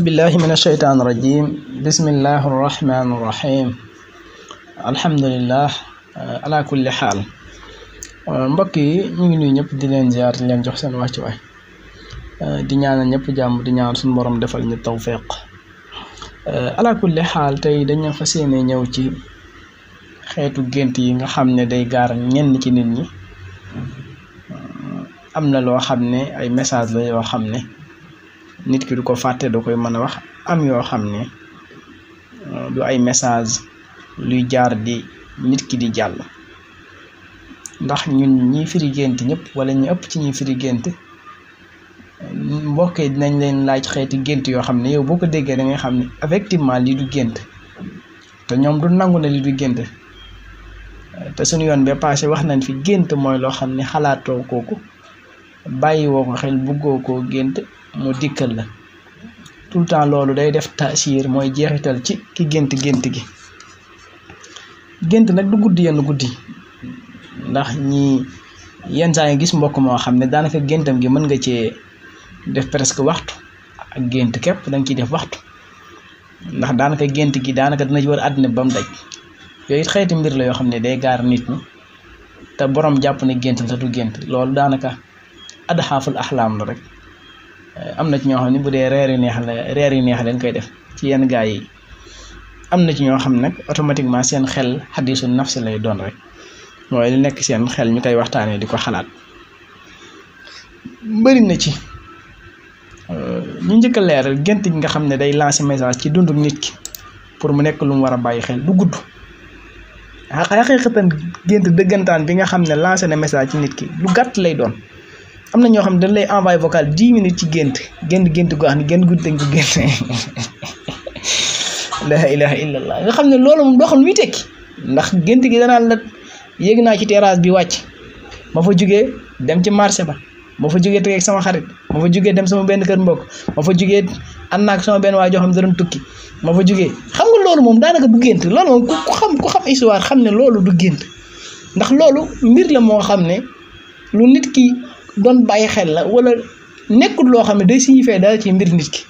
أعوذ بالله من الشيطان الرجيم بسم الله الرحمن الرحيم الحمد لله على mbokk yi ñu ngi nuyu ñëpp di leen ziar di leen jox seen wàccuwaay di ñaanal ñëpp jàmm di ñaan suñu boroom defal ñu tawféq ala kulli xaal tey dañu fas yéene ñëw ci xeetu gént yi nga xam ne day gaar ñenn ci nit ñi am na loo xam ne ay message la yoo xam ne. nit ki du ko fàtte da koy mën a wax am yoo xam ne euh, du ay message luy jaar di nit ki di jàll ndax ñu ñi firi gént ñëpp wala ñu ëpp ci ñi firi gént mbokkee yi dinañ leen laaj xeeti gént yoo xam ne yow boo ko déggee da nga xam ne effectivement lii du gént te ñoom du nangu na lii du gént te suñu yoon ba passé wax nañ fi gént mooy loo xam ne xalaatoo kooku bàyyi woo ko xel buggoo koo gént mu dikkal la tout le temps loolu day def taasiir mooy jeexital ci ki gént gént gi gént nag du guddi yenn guddi ndax ñi yenn saa ngi gis mbokk moo xam ne daanaka géntam gi mën nga cee def presque waxtu ak gént képp danga ciy def waxtu ndax daanaka gént gi daanaka dina ci war àddina ba daj yooyu it xeeti mbir la yoo xam ne day gaar nit ñi te borom jàpp ne gént la te du gént loolu daanaka adxaaful axlaam la rek am na ci ñoo xam ne bu dee reer yu neex la reer yu neex leen koy def ci yenn gaa yi am na ci ñoo xam nag automatiquement seen xel xadiisu si lay doon rek mooy lu nekk seen xel ñu koy waxtaanee di ko xalaat bëri na ci euh, ñu njëkk a leeral gént gi nga xam ne day lancer message ci dundu nit ki pour mu nekk lu mu war a bàyyi xel du gudd xaqiiqatan gént dëggantaan bi nga xam ne lancer na message ci nit ki lu gàtt lay doon am na ñoo xam ne dañ lay envoyé vocal dix minutes ci gént gént gént goo xam ne gént guddi dañ ko gént laa ilaha illallah nga xam ne loolu moom doo xam ne muy tekki ndax gént gi danaan la yéeg naa ci terrasse bi wàcc ma fa jógee dem ci marché ba ma fa jógee teg ak sama xarit ma fa jugee dem sama benn kër mbokk ma fa jugee ànd naa ak sama benn waa joo xam ne da tukki ma fa jógee xam nga loolu moom daanaka du gént loolu moom ku xam ku xam histoire xam ne loolu du gént ndax loolu mbir la moo xam ne nit ki. doon bàyyi xel la wala nekkul loo xam ne day signifie daal ci mbir nit ki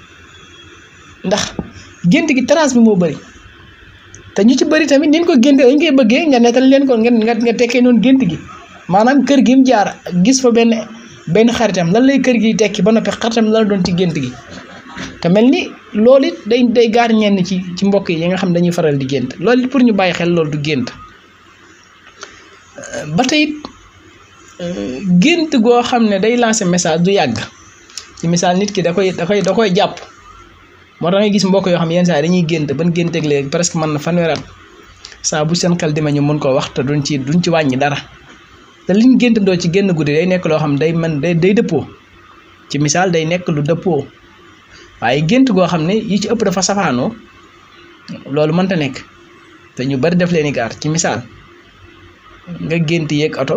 ndax gént gi transe bi moo bari te ñu ci bari tamit ni ko gént dañ koy bëggee nga nettal leen ko nga nga tekkee noonu gént gi maanaam kër gi mu jaar gis fa benn benn xaritam lan lay kër gi tekki ba noppi xaritam lan la doon ci gént gi te mel ni lool it day day gaar ñenn ci ci mbokk yi nga xam dañuy faral di gént lool it pour ñu bàyyi xel loolu du gént gént goo xam ne day lancer message du yàgg ci misaal nit ki da koy da koy da koy jàpp moo tax gis mbokk yoo xam yenn saa dañuy gént ban génteeg léegi presque mën na fanweer at saa bu seen xel demee ñu mën koo wax te duñ ci duñ ci wàññi dara te liñ gént doo ci génn guddi day nekk loo xam day mën day day dëppoo ci misaal day nekk lu dëppoo waaye gént goo xam ne yi ci ëpp dafa safaanoo loolu mënta nekk te ñu bari def leen i gaar ci misaal nga gént yeeg oto.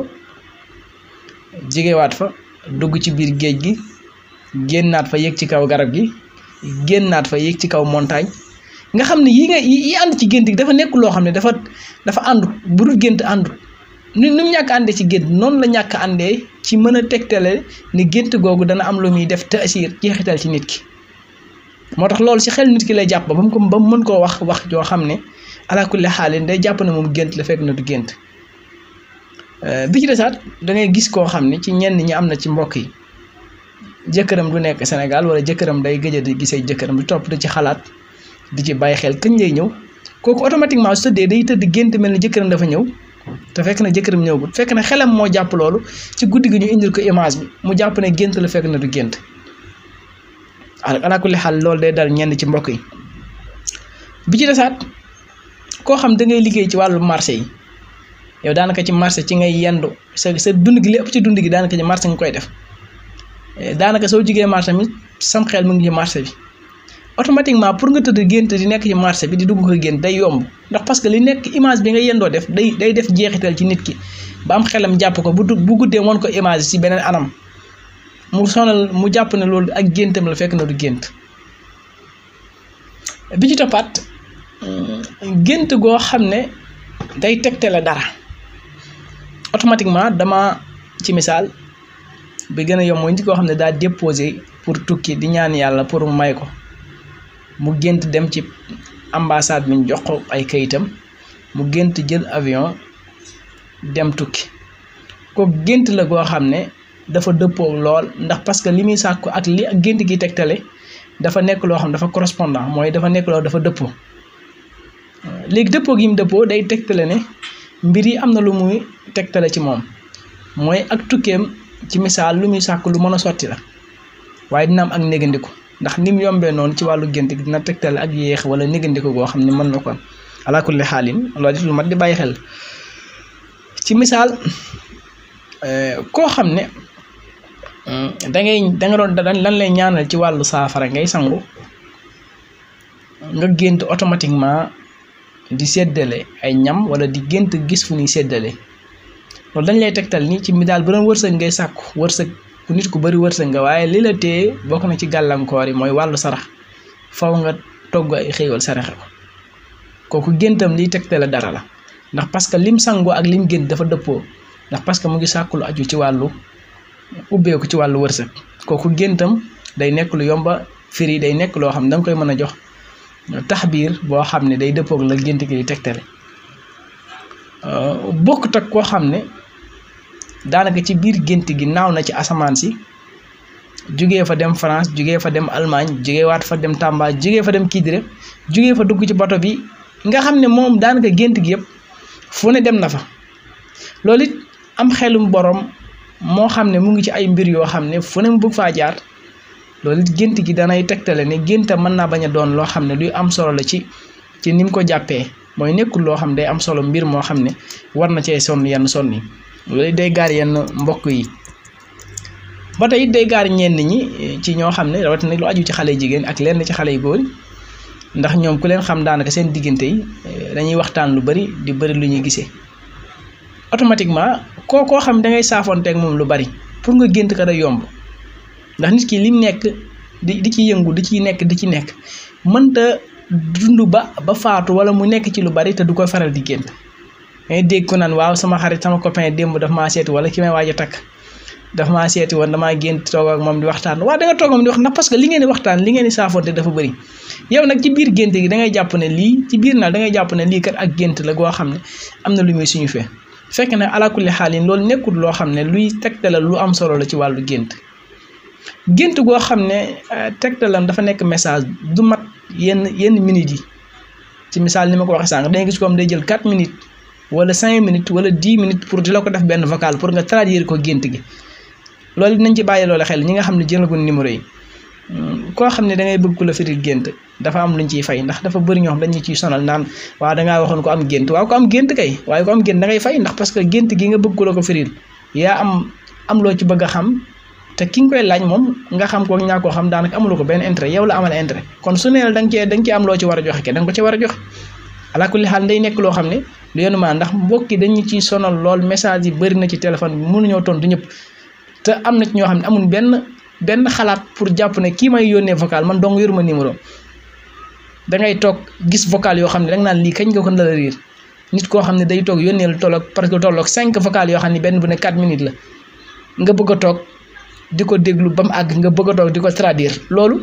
jegewaat fa dugg ci biir géej gi génnaat fa yéeg ci kaw garab gi génnaat fa yéeg ci kaw montagne nga xam ne yi nga yi ànd ci gént gi dafa nekk loo xam ne dafa dafa àndu bu dul gént àndu nu mu ñàkk àndee ci gént noonu la ñàkk àndee ci mën a tegtale ni gént googu dana am lu muy def taasir jeexital ci nit ki moo tax loolu si xel nit ki lay jàpp ba mu ko ba mu mën koo wax wax joo xam ne alaakulli xaalin day jàpp ne moom gént la fekk na gént Euh, bi ci desaat da ngay gis koo xam ne ci ñenn ñi am na ci mbokk yi jëkkëram du nekk Sénégal wala jëkkëram day gëj a di gisee jëkkëram du topp di ci xalaat di ci bàyyi xel kañ lay ñëw kooku automatiquement su tëddee day tëdd gént mel ni jëkkëram dafa ñëw te fekk na jëkkëram ñëw ñëwgut fekk na xelam moo jàpp loolu ci guddi gi ñu indil ko image bi mu jàpp ne gént la fekk na du gént alaakulli xaal loolu day dal ñenn ci mbokk yi bi ci desaat koo xam da ngay liggéey ci wàllu marché yi. yow daanaka ci marché ci ngay yendu sa sa dund gi lépp ci dund gi daanaka ci marché nga koy def eh, daanaka soo jugee marché mi sam xel mu ngi ci marché bi automatiquement pour nga tëdd gént di nekk ci marché bi di dugg ko gént day yomb ndax parce que li nekk image bi nga yendoo def day day def jeexital ci nit ki ba am xelam jàpp ko bu du bu guddee woon ko image ci beneen anam mu sonal mu jàpp ne loolu ak géntam la fekk na du gént bi ci toppaat mm, gént goo xam ne day teg tegtale dara automatiquement dama ci misaal bi gën a yomb mooy nit koo xam ne daa déposé pour tukki di ñaan yàlla pour mu may ko mu gént dem ci ambassade bi ñu jox ko ay kayitam mu gént jël avion dem tukki ko gént la goo xam ne dafa dëppoo lool ndax parce que li muy sàkku ak li gént gi tegtale dafa nekk loo xam dafa correspondant mooy dafa nekk loo dafa dëppoo léegi dëppoo gi mu dëppoo day tegtale ne mbir yi am na lu muy tegtale ci moom mooy ak tukkeem ci misaal lu muy sàkk lu mën a sotti la waaye dina am ak négandiku ndax ni yombee noonu ci wàllu gént dina tegtale ak yéex wala négandiku goo xam ne mën na ko am ala lu mat di bàyyi xel ci eh, koo xam ne mm, da ngay da doon lan lay ñaanal ci wàllu saafara ngay sangu nga gént automatiquement. di seddelé ay ñam wala di gënt gis fu ni seddelé lool dañ lay tektal ni ci mi dal bu doon wërsëg ngay sakku wërsëg ku nit ku bari wërsëg nga waye li la téye bokk na ci gàllankoor yi moy walu sarax faw nga togg ay xéewal sarax ko gëntam li liy tegtale dara la ndax parce que lim sango ak lim gënt dafa deppoo ndax parce que mu ngi sakku lu aju ci wàllu ubbeeku ci wàllu wërsëg gëntam day nekk lu yomba firi day nekk lo xam dang koy mëna jox tax biir boo xam ne day dëppoog la gént gi di tegtale euh, bokk ak koo xam ne daanaka ci biir gént gi naaw na ci asamaan si jugee fa dem France jugee fa dem Allemagne jugee fa dem Tamba jugee fa dem Kidira jugee fa dugg ci bato bi nga xam ne moom daanaka gént gi yëpp fu ne dem na fa loolu it am xelum boroom moo xam ne mu ngi ci ay mbir yoo xam ne fu ne mu bëgg faa jaar lolit genti gént gi danay tektale ne genta man na baña doon loo luy am solo la ci ci nim ko jappé moy nekkul lo xam day am solo mbir mo xamne war na cee sonni yenn sonni yi day gar yenn mbokk yi ba tey day gar ñenn ñi eh, ci ñoo xam ne lu aju ci xalé jigen ak lenn ci xalé goor ndax ñom ku leen xam daanaka seen diggante yi eh, dañuy waxtaan lu bari di bari lu ñuy gisé automatiquement ko ko xam da ngay ak mom lu bari pour nga gënt ka da yomb ndax nit ki lim nekk di di ci yëngu di ci nekk di ci nekk mënta dund ba ba faatu wala mu nekk ci lu bari te du ko faral di génn mais dégg ko naan waaw sama xarit sama copain démb daf ma seeti wala ki may waaj a takk daf maa seeti woon damaa génn toog ak moom di waxtaan waaw da toog moom di wax parce que li ngeen di waxtaan li ngeen di saafoonte dafa bëri yow nag ci biir gént gi da ngay jàpp ne lii ci biir naa da jàpp ne lii kat ak gént la goo xam ne am na lu muy suñu fee fekk na alaakulli xaalin loolu nekkul loo xam ne luy tegtala lu am solo la ci wàllu gént gént goo xam ne euh, tegtalam dafa nekk message du mat yenn yenn minutes yi ci misaal ni ma ko waxee sànq dangay gis ko am day jël 4 minutes wala 5 minutes wala 10 minutes pour di la ko def benn vocal pour nga traduire ko gént gi loolu dinañ ci bàyyi loolu xel ñi nga xam ne jëlaguñ numéro yi hmm, koo xam ne da ngay bëgg ku la gént dafa am luñ ciy fay ndax dafa bëri ñoo xam dañu ciy sonal naan waaw dangaa waxoon ko am gént waa ko am gént kay waaye ko am gént da fay ndax parce que gént gi nga bëgg ko firil yaa am am loo ci bëgg a xam te ki nga koy laaj moom nga xam ko ñaa koo xam daanaka amuloo ko benn intérêt yow la amal intérêt kon su nee la da nga loo ci war a joxe ke da nga ko ci war a joxe ala kulli xaal day nekk loo xam ne lu maa ndax mbokki dañu ciy sonal lool message yi bëri na ci téléphone bi mënuñoo tontu ñëpp te am na ñoo xam ne amul benn benn xalaat pour jàpp ne kii may yónnee vocal man dong yoruma numéro dangay toog gis vocal yoo xam ne danga naan lii kañ nga ko la riir nit koo xam ne day toog yónnee lu tolloog parce que tolloog cinq vocal yoo xam ne benn bu ne quatre minutes la nga bëgg a toog di ko déglu ba mu àgg nga bëgg a toog di ko traduire loolu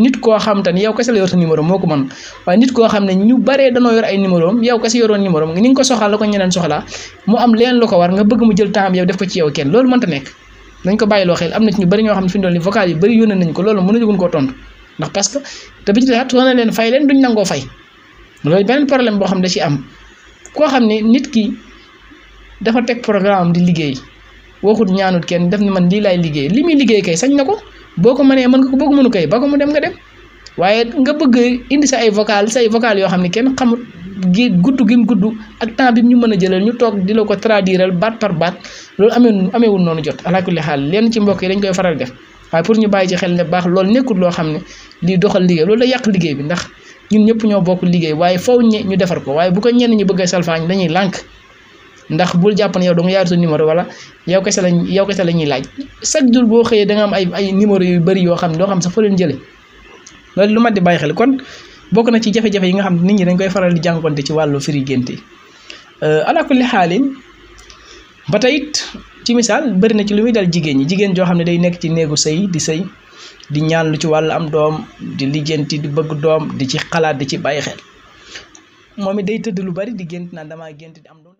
nit koo xam te yow ko la yor sa numéro moo ko man waaye nit koo xam ne ñu baree danoo yor ay numéro yow yow si yoroon numéro am ni nga ko soxlaa ko ñeneen soxlaa mu am leen lu ko war nga bëgg mu jël temps yow def ko ci yow kenn loolu mënta nekk dañ ko bàyyiloo xel am na ci ñu bëri ñoo xam ne fi ñu doon ni vocal yi bëri yónnee nañ ko loolu mënuñu gun koo tontu ndax parce que te bi ci laat soo na leen fay leen duñ nangoo fay loolu beneen problème boo xam da ci am koo xam ne nit ki dafa teg programme di liggéey waxut ñaanut kenn def ni man lii laay liggéey li muy liggéey kay sañ na ko boo ko manee mën nga ko boo ko mënu kay ba ko mu dem nga dem waaye nga bëgg indi sa ay vocal say vocal yoo xam ne kenn xamut gi gudd gi mu gudd ak temps bi ñu mën a jëlal ñu toog di la ko traduiral baat par baat loolu amee ameewul noonu jot alaakulli xaal lenn ci mbokk yi dañ koy faral def waaye pour ñu bàyyi ci xel ne baax loolu nekkul loo xam ne lii doxal liggéey loolu da yàq liggéey bi ndax ñun ñëpp ñoo bokk liggéey waaye faw ñu defar ko waaye bu ko ñenn ñi bëgg a salfaañ dañuy lànk ndax bul jàpp ne yow danga yaaru sa numéro wala yow kese lañ yow kese la ñuy laaj chaque jour boo xëyee danga am ay ay numéro yu bëri yoo xam ne doo xam sa fa leen jële loolu lu mat di bàyyi xel kon bokk na ci jafe yi nga xam nit ñi dañ koy faral di jànkonte ci wàllu firi gént yi euh, ala kulli ba tey ci misaal bëri na ci lu muy dal jigéen ñi jigéen joo xam ne day nekk ci néegu sëy di sëy di ñaan lu ci wàllu am doom di lijjanti di bëgg doom di ci xalaat di ci bàyyi xel moom it day tëdd lu bari di gént naa damaa gént di am doom